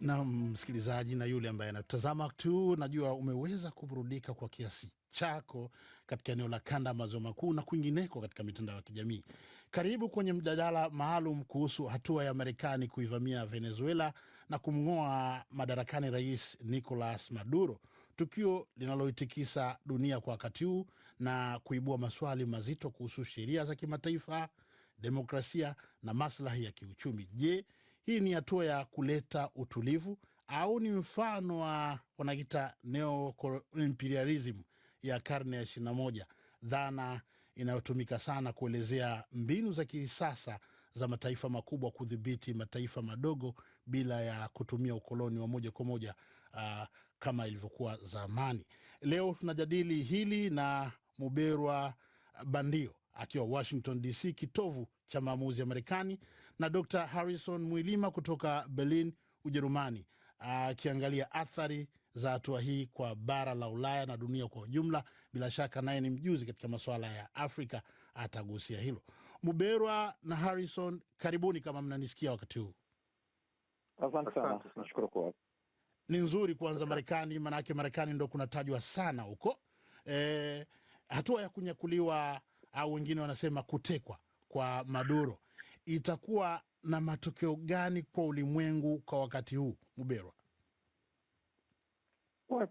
na msikilizaji na yule ambaye anatutazama tu, najua umeweza kuburudika kwa kiasi chako katika eneo la kanda maziwa makuu na kwingineko katika mitandao ya kijamii. Karibu kwenye mjadala maalum kuhusu hatua ya Marekani kuivamia Venezuela na kumng'oa madarakani Rais Nicolas Maduro, tukio linaloitikisa dunia kwa wakati huu na kuibua maswali mazito kuhusu sheria za kimataifa, demokrasia na maslahi ya kiuchumi. Je, hii ni hatua ya kuleta utulivu au ni mfano wa wanakita neoimperialism ya karne ya ishirini na moja, dhana inayotumika sana kuelezea mbinu za kisasa za mataifa makubwa kudhibiti mataifa madogo bila ya kutumia ukoloni wa moja kwa moja uh, kama ilivyokuwa zamani. Leo tunajadili hili na Muberwa Bandio akiwa Washington DC, kitovu cha maamuzi ya Marekani na Dr Harrison Mwilima kutoka Berlin, Ujerumani, akiangalia athari za hatua hii kwa bara la Ulaya na dunia kwa ujumla. Bila shaka naye ni mjuzi katika masuala ya Afrika, atagusia hilo. Muberwa na Harrison, karibuni kama mnanisikia wakati huu. Asante sana, nashukuru kwa ni nzuri kuanza Marekani, maanake Marekani ndo kunatajwa sana huko. E, hatua ya kunyakuliwa au wengine wanasema kutekwa kwa Maduro itakuwa na matokeo gani kwa ulimwengu kwa wakati huu Muberwa?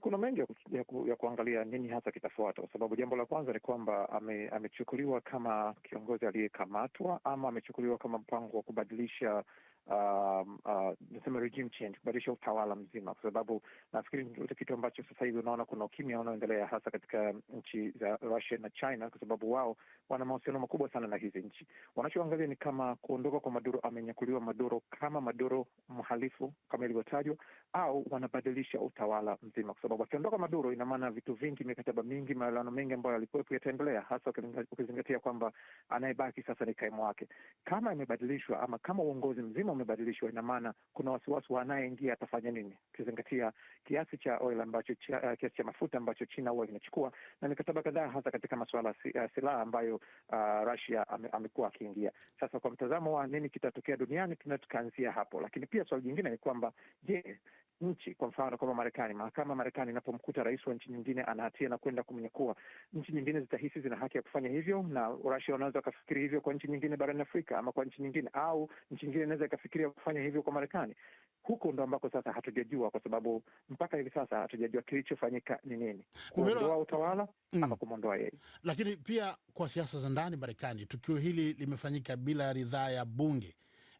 Kuna mengi ya, ya, ya kuangalia nini hasa kitafuata, kwa sababu jambo la kwanza ni kwamba ame, amechukuliwa kama kiongozi aliyekamatwa ama amechukuliwa kama mpango wa kubadilisha um, uh, regime change, kubadilisha utawala mzima, kwa sababu nafikiri ndio kitu ambacho sasa hivi unaona kuna ukimya unaoendelea hasa katika nchi za Russia na China, kwa sababu wao wana mahusiano makubwa sana na hizi nchi. Wanachoangalia ni kama kuondoka kwa Maduro, amenyakuliwa Maduro kama Maduro mhalifu kama ilivyotajwa, au wanabadilisha utawala mzima, kwa sababu akiondoka Maduro, ina maana vitu vingi, mikataba mingi, maelewano mengi ambayo yalikuwepo yataendelea, hasa ukizingatia kwamba anayebaki sasa ni kaimu wake. Kama imebadilishwa ama kama uongozi mzima umebadilishwa, ina maana kuna wasiwasi wa anayeingia atafanya nini, ukizingatia kiasi cha oil ambacho uh, kiasi cha mafuta ambacho China huwa inachukua na mikataba kadhaa, hasa katika masuala ya si, uh, silaha ambayo uh, Russia amekuwa akiingia. Sasa kwa mtazamo wa nini kitatokea duniani, tuna tukaanzia hapo, lakini pia swali jingine ni kwamba je, nchi. Kwa mfano kama Marekani, mahakama Marekani inapomkuta rais wa nchi nyingine ana hatia na kwenda kumnyakua, nchi nyingine zitahisi zina haki ya kufanya hivyo, na rasia wanaweza wakafikiri hivyo kwa nchi nyingine barani Afrika ama kwa nchi nyingine, au nchi nyingine inaweza ikafikiria kufanya hivyo kwa Marekani. Huko ndo ambako sasa hatujajua, kwa sababu mpaka hivi sasa hatujajua kilichofanyika ni nini, kuondoa utawala mm, ama kumwondoa yeye. Lakini pia kwa siasa za ndani Marekani, tukio hili limefanyika bila ridhaa ya bunge.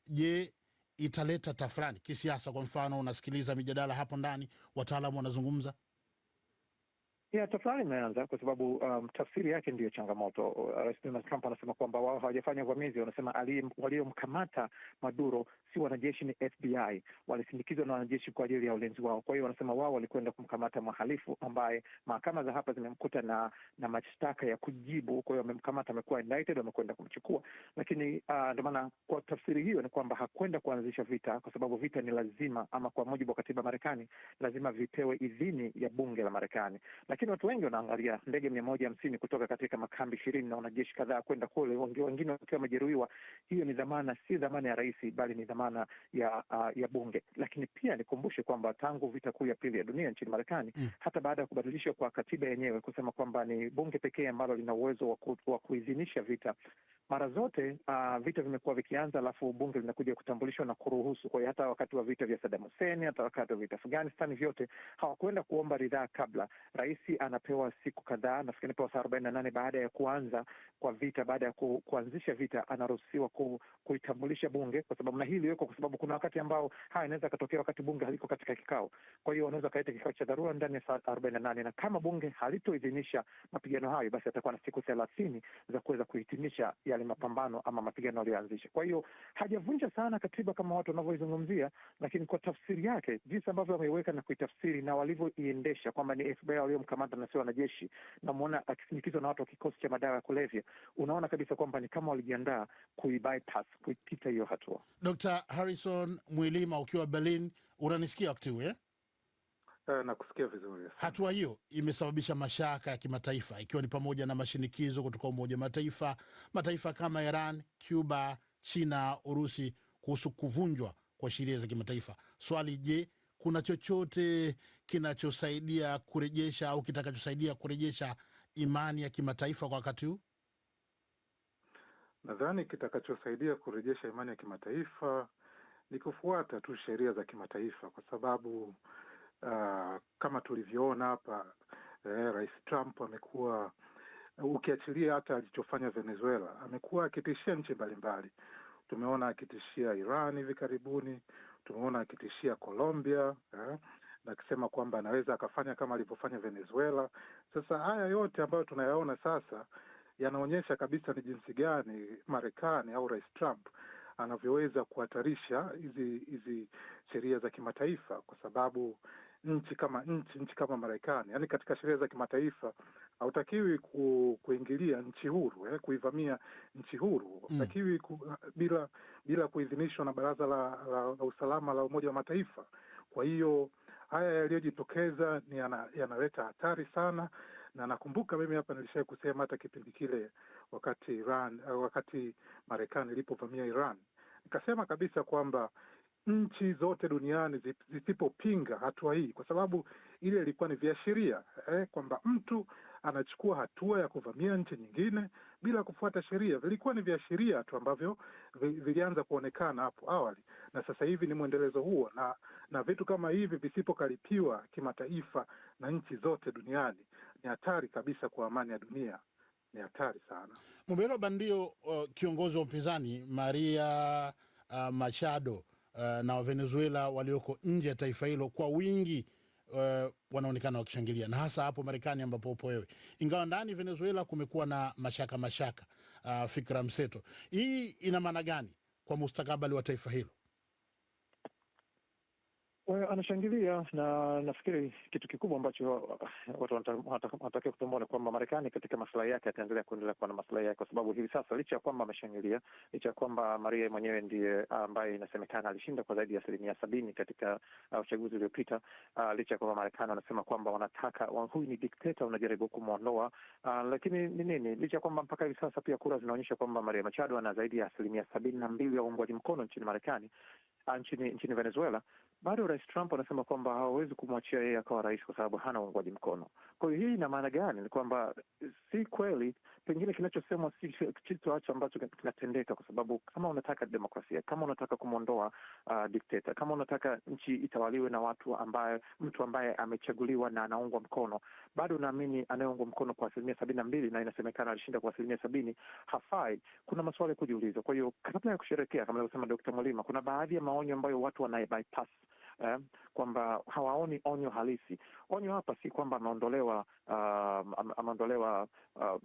Je, italeta tafrani kisiasa. Kwa mfano, unasikiliza mijadala hapo ndani, wataalamu wanazungumza Yeah, tafurani imeanza kwa sababu um, tafsiri yake ndiyo changamoto. Uh, Rais Donald Trump anasema kwamba wao hawajafanya uvamizi. Wanasema waliomkamata Maduro si wanajeshi, ni FBI, walisindikizwa na wanajeshi kwa ajili ya ulinzi wao. Kwa hiyo wanasema wao walikwenda kumkamata mhalifu ambaye mahakama za hapa zimemkuta na na mashtaka ya kujibu. Kwa hiyo wamemkamata, amekuwa indicted, wamekwenda kumchukua. Lakini uh, ndio maana kwa tafsiri hiyo ni kwamba hakwenda kuanzisha vita, kwa sababu vita ni lazima ama, kwa mujibu wa katiba Marekani, lazima vipewe idhini ya bunge la Marekani. Lakini lakini watu wengi wanaangalia ndege mia moja hamsini kutoka katika makambi ishirini na wanajeshi kadhaa kwenda kule, wengine wakiwa wamejeruhiwa. Hiyo ni dhamana, si dhamana ya rais, bali ni dhamana ya uh, ya bunge. Lakini pia nikumbushe kwamba tangu vita kuu ya pili ya dunia nchini Marekani mm, hata baada ya kubadilishwa kwa katiba yenyewe kusema kwamba ni bunge pekee ambalo lina uwezo wa kuidhinisha vita mara zote uh, vita vimekuwa vikianza, alafu bunge linakuja kutambulishwa na kuruhusu. Kwa hiyo hata wakati wa vita vya Saddam Hussein, hata wakati wa vita Afghanistan, vyote hawakuenda kuomba ridhaa kabla. Rais rais anapewa siku kadhaa, nafikiri anapewa saa arobaini na nane baada ya kuanza kwa vita, baada ya ku, kuanzisha vita, anaruhusiwa ku, kuitambulisha bunge, kwa sababu na hii iliwekwa kwa sababu kuna wakati ambao haya inaweza akatokea wakati bunge haliko katika kikao. Kwa hiyo wanaweza wakaleta kikao cha dharura ndani ya saa arobaini na nane na kama bunge halitoidhinisha mapigano hayo, basi atakuwa na siku thelathini za kuweza kuhitimisha yale mapambano ama mapigano aliyoanzisha. Kwa hiyo hajavunja sana katiba kama watu wanavyoizungumzia, lakini kwa tafsiri yake, jinsi ambavyo wameiweka na kuitafsiri na walivyoiendesha kwamba ni FBI waliomka kukamata na sio wanajeshi, namwona akisindikizwa na watu wa kikosi cha madawa ya kulevya, unaona kabisa kwamba ni kama walijiandaa kuibypass, kuipita hiyo hatua. Dr. Harrison Mwilima ukiwa Berlin, unanisikia wakati huu eh? eh nakusikia vizuri. Hatua hiyo imesababisha mashaka ya kimataifa ikiwa ni pamoja na mashinikizo kutoka Umoja Mataifa, mataifa kama Iran, Cuba, China, Urusi kuhusu kuvunjwa kwa sheria za kimataifa. Swali, je, kuna chochote kinachosaidia kurejesha au kitakachosaidia kurejesha imani ya kimataifa kwa wakati huu? Nadhani kitakachosaidia kurejesha imani ya kimataifa ni kufuata tu sheria za kimataifa, kwa sababu uh, kama tulivyoona hapa eh, Rais Trump amekuwa ukiachilia hata alichofanya Venezuela, amekuwa akitishia nchi mbalimbali. Tumeona akitishia Iran hivi karibuni, tumeona akitishia Colombia eh, na akisema kwamba anaweza akafanya kama alivyofanya Venezuela. Sasa haya yote ambayo tunayaona sasa yanaonyesha kabisa ni jinsi gani Marekani au Rais Trump anavyoweza kuhatarisha hizi hizi sheria za kimataifa kwa sababu nchi kama nchi nchi kama Marekani, yaani katika sheria za kimataifa hautakiwi ku, kuingilia nchi huru eh, kuivamia nchi huru mm. hautakiwi ku, bila bila kuidhinishwa na Baraza la, la, la Usalama la Umoja wa Mataifa. Kwa hiyo haya yaliyojitokeza ni yanaleta yana hatari sana, na nakumbuka mimi hapa nilishai kusema hata kipindi kile wakati Iran, wakati Marekani ilipovamia Iran nikasema kabisa kwamba nchi zote duniani zisipopinga hatua hii, kwa sababu ile ilikuwa ni viashiria eh, kwamba mtu anachukua hatua ya kuvamia nchi nyingine bila kufuata sheria. Vilikuwa ni viashiria tu ambavyo vilianza kuonekana hapo awali, na sasa hivi ni mwendelezo huo, na na vitu kama hivi visipokaripiwa kimataifa na nchi zote duniani ni hatari kabisa kwa amani ya dunia ni hatari sana. Mubero Bandio, uh, kiongozi wa upinzani Maria uh, Machado uh, na Wavenezuela walioko nje ya taifa hilo kwa wingi uh, wanaonekana wakishangilia na hasa hapo Marekani ambapo upo wewe, ingawa ndani Venezuela kumekuwa na mashaka mashaka. Uh, fikra mseto hii ina maana gani kwa mustakabali wa taifa hilo? Eh, anashangilia na nafikiri kitu kikubwa ambacho eh, watu wanatakiwa kutambua ni kwamba Marekani katika maslahi yake ataendelea kuendelea kuwa na maslahi yake, kwa sababu hivi sasa licha ya kwamba ameshangilia, licha ya kwamba Maria mwenyewe ndiye eh, ambaye inasemekana alishinda kwa zaidi ya asilimia sabini katika uchaguzi uliopita licha ya kwamba Marekani wanasema kwamba wanataka huyu ni dikteta unajaribu kumwondoa lakini ni nini, licha ya kwamba mpaka hivi sasa pia kura zinaonyesha kwamba Maria Machado ana zaidi ya asilimia sabini na mbili ya uungwaji mkono nchini Marekani Ah, nchini nchini Venezuela, bado Rais Trump anasema kwamba hawawezi kumwachia yeye akawa rais kwa sababu hana uungwaji mkono. Kwa hiyo hii ina maana gani? Ni kwamba si kweli pengine kinachosemwa kitu hacho ambacho kinatendeka, kwa sababu kama unataka demokrasia, kama unataka kumwondoa uh, ah, dikteta, kama unataka nchi itawaliwe na watu ambaye, mtu ambaye amechaguliwa na anaungwa mkono, bado naamini anayeungwa mkono kwa asilimia sabini na mbili na inasemekana alishinda kwa asilimia sabini hafai. Kuna maswali ya kujiuliza. Kwa hiyo kabla ya kusherekea, kama alivyosema Dokta Mwalima, kuna baadhi ya maonyo ambayo watu wana bypass Eh, kwamba hawaoni onyo halisi. Onyo hapa si kwamba ameondolewa uh, ameondolewa ah,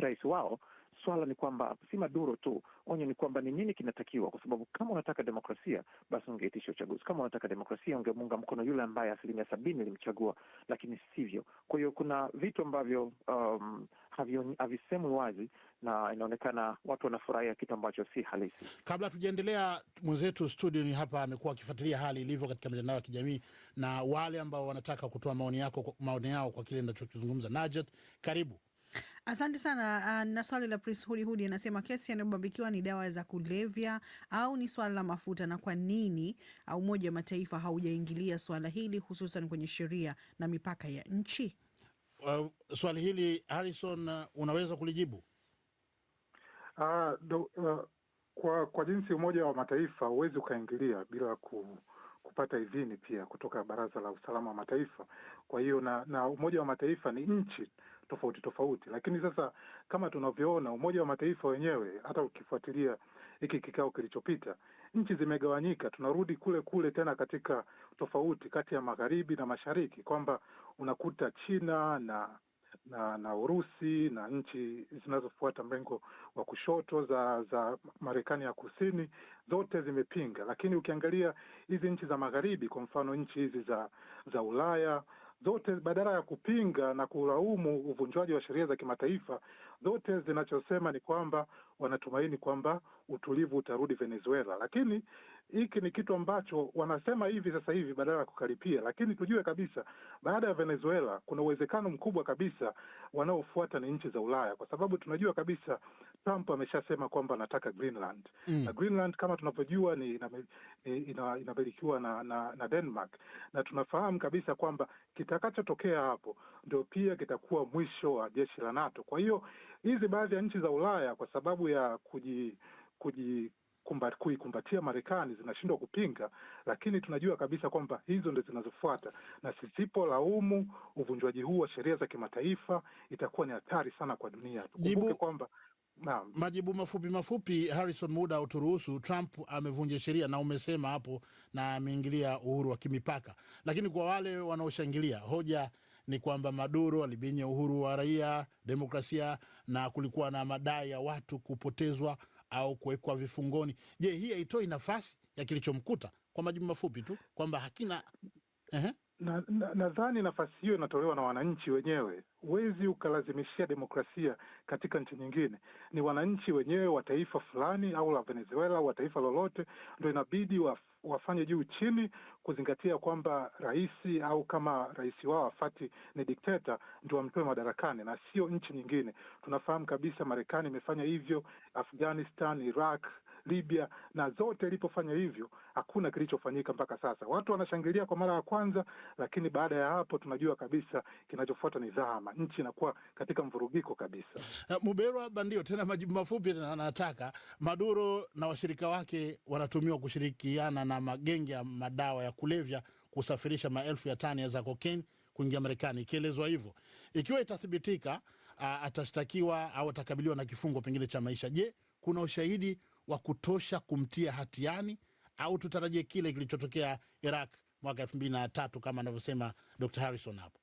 rais wao. Swala ni kwamba si Maduro tu, onyo ni kwamba ni nini kinatakiwa, kwa sababu kama unataka demokrasia basi ungeitisha uchaguzi. Kama unataka demokrasia ungemuunga mkono yule ambaye asilimia sabini ilimchagua, lakini sivyo. Kwa hiyo kuna vitu ambavyo um, havisemwi wazi na inaonekana watu wanafurahia kitu ambacho si halisi. Kabla tujaendelea, mwenzetu ni hapa amekuwa akifuatilia hali ilivyo katika mitandao ya kijamii na wale ambao wanataka kutoa maoni yako, maoni yao kwa kile nachokizungumza. Najet, karibu. Asante sana. Ah, na swali la Prince Hudihudi anasema kesi yanayobambikiwa ni dawa za kulevya au ni swala la mafuta, na kwa nini Umoja wa Mataifa haujaingilia swala hili hususan kwenye sheria na mipaka ya nchi? Uh, swali hili Harrison, uh, unaweza kulijibu? Uh, do, uh, kwa, kwa jinsi Umoja wa Mataifa huwezi ukaingilia bila ku kupata idhini pia kutoka Baraza la Usalama wa Mataifa. Kwa hiyo na, na Umoja wa Mataifa ni nchi tofauti tofauti. Lakini sasa kama tunavyoona, Umoja wa Mataifa wenyewe, hata ukifuatilia hiki kikao kilichopita, nchi zimegawanyika, tunarudi kule kule tena katika tofauti kati ya magharibi na mashariki, kwamba unakuta China na na na Urusi na nchi zinazofuata mrengo wa kushoto za za Marekani ya Kusini zote zimepinga, lakini ukiangalia hizi nchi za magharibi, kwa mfano nchi hizi za za Ulaya zote badala ya kupinga na kulaumu uvunjwaji wa sheria za kimataifa, zote zinachosema ni kwamba wanatumaini kwamba utulivu utarudi Venezuela, lakini hiki ni kitu ambacho wanasema hivi sasa hivi badala ya kukaripia, lakini tujue kabisa baada ya Venezuela kuna uwezekano mkubwa kabisa wanaofuata ni nchi za Ulaya, kwa sababu tunajua kabisa Trump ameshasema kwamba anataka Greenland mm. na Greenland kama tunavyojua ni inamilikiwa na, na, na Denmark na tunafahamu kabisa kwamba kitakachotokea hapo ndio pia kitakuwa mwisho wa jeshi la NATO. Kwa hiyo hizi baadhi ya nchi za Ulaya kwa sababu ya kuji, kuji kuikumbatia Marekani zinashindwa kupinga, lakini tunajua kabisa kwamba hizo ndo zinazofuata, na sisipolaumu uvunjwaji huu wa sheria za kimataifa itakuwa ni hatari sana kwa dunia. Tukumbuke kwamba na majibu mafupi mafupi, Harrison, muda uturuhusu. Trump amevunja sheria na umesema hapo, na ameingilia uhuru wa kimipaka, lakini kwa wale wanaoshangilia hoja ni kwamba Maduro alibinya uhuru wa raia, demokrasia na kulikuwa na madai ya watu kupotezwa au kuwekwa vifungoni. Je, hii haitoi nafasi ya kilichomkuta? Kwa majibu mafupi tu kwamba hakina -huh nadhani na, na nafasi hiyo inatolewa na wananchi wenyewe. Huwezi ukalazimishia demokrasia katika nchi nyingine. Ni wananchi wenyewe wa taifa fulani au la Venezuela au wa taifa lolote, ndo inabidi wa, wafanye juu chini, kuzingatia kwamba rais au kama rais wao afati ni dikteta, ndo wamtoe madarakani na sio nchi nyingine. Tunafahamu kabisa Marekani imefanya hivyo Afghanistan, Iraq Libya, na zote ilipofanya hivyo hakuna kilichofanyika mpaka sasa. Watu wanashangilia kwa mara ya kwanza, lakini baada ya hapo tunajua kabisa kinachofuata ni zahama, nchi inakuwa katika mvurugiko kabisa. Eh, Mubera Bandio, tena majibu mafupi anataka Maduro na washirika wake wanatumiwa kushirikiana na magenge ya madawa ya kulevya kusafirisha maelfu ya tani za kokaini kuingia Marekani, ikielezwa hivyo. Ikiwa itathibitika, atashtakiwa au atakabiliwa na kifungo pengine cha maisha. Je, kuna ushahidi wa kutosha kumtia hatiani au tutarajie kile kilichotokea Iraq mwaka elfu mbili na tatu kama anavyosema Dr Harrison hapo?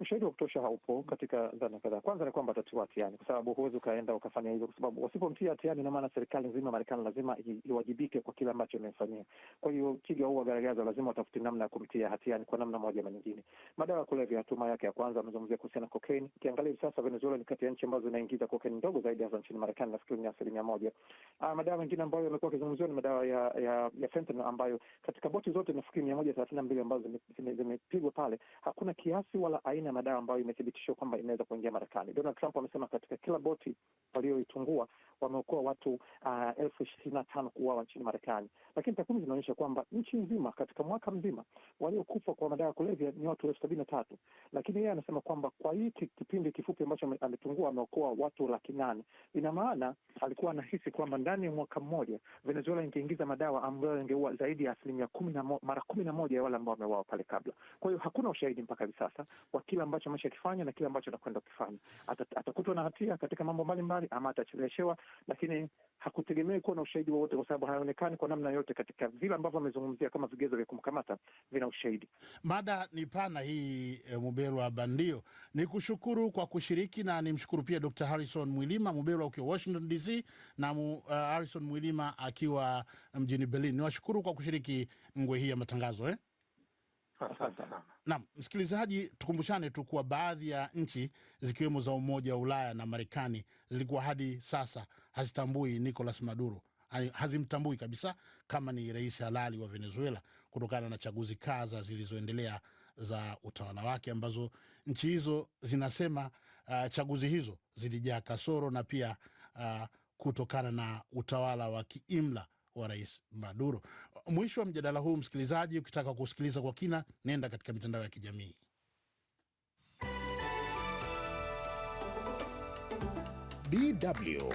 Ushahidi wa kutosha haupo katika dhana kadhaa. Kwanza ni kwamba atatiwa hatiani, kwa sababu huwezi ukaenda ukafanya hivyo, kwa sababu wasipomtia hatiani, ina maana serikali nzima Marekani lazima iwajibike kwa kile ambacho imefanyia. Kwa hiyo twiga huu wagaragaza, lazima watafuti namna ya kumtia hatiani kwa namna moja ama nyingine. Madawa ya kulevya, hatuma yake ya kwanza amezungumzia kuhusiana na kokaini. Ukiangalia hivi sasa, Venezuela ni kati ya nchi ambazo inaingiza kokaini ndogo zaidi, hasa nchini Marekani, nafikiri ni asilimia moja. Ah, madawa mengine ambayo yamekuwa akizungumziwa ni madawa ya ya, ya fentanyl ambayo katika boti zote nafikiri mia moja thelathini na mbili ambazo zimepigwa pale, hakuna kiasi wala aina aina ya madawa ambayo imethibitishwa kwamba inaweza kuingia Marekani. Donald Trump amesema katika kila boti walioitungua wameokoa watu uh, elfu ishirini na tano kuuawa nchini Marekani, lakini takwimu zinaonyesha kwamba nchi nzima katika mwaka mzima waliokufa kwa madawa ya kulevya ni watu elfu sabini na tatu, lakini yeye anasema kwamba kwa hii kipindi kifupi ambacho ametungua ameokoa watu laki nane. Ina maana alikuwa anahisi kwamba ndani ya mwaka mmoja Venezuela ingeingiza madawa ambayo yangeua zaidi ya asilimia mara kumi na moja ya wale ambao wameuawa pale kabla. Kwa hiyo hakuna ushahidi mpaka hivi sasa wa kile ambacho ameshakifanya na kile ambacho anakwenda kukifanya. Atakutwa na hatia katika mambo mbalimbali, ama atacheleweshewa, lakini hakutegemei kuwa na ushahidi wowote, kwa sababu hayaonekani kwa namna yote katika vile ambavyo amezungumzia kama vigezo vya kumkamata vina ushahidi. Mada ni pana hii. E, Mubelwa Bandio, ni kushukuru kwa kushiriki na nimshukuru pia Dr. Harrison Mwilima Mubelwa ukiwa Washington DC na mu, uh, Harrison Mwilima akiwa eh, mjini Berlin. Niwashukuru kwa kushiriki ngwe hii ya matangazo eh? Asante sana. Naam, msikilizaji, tukumbushane tu kuwa baadhi ya nchi zikiwemo za Umoja wa Ulaya na Marekani zilikuwa hadi sasa hazitambui Nicolas Maduro, hazimtambui kabisa kama ni rais halali wa Venezuela kutokana na chaguzi kaza zilizoendelea za utawala wake ambazo nchi hizo zinasema uh, chaguzi hizo zilijaa kasoro na pia uh, kutokana na utawala wa kiimla wa Rais Maduro. Mwisho wa mjadala huu, msikilizaji, ukitaka kusikiliza kwa kina, nenda katika mitandao ya kijamii. DW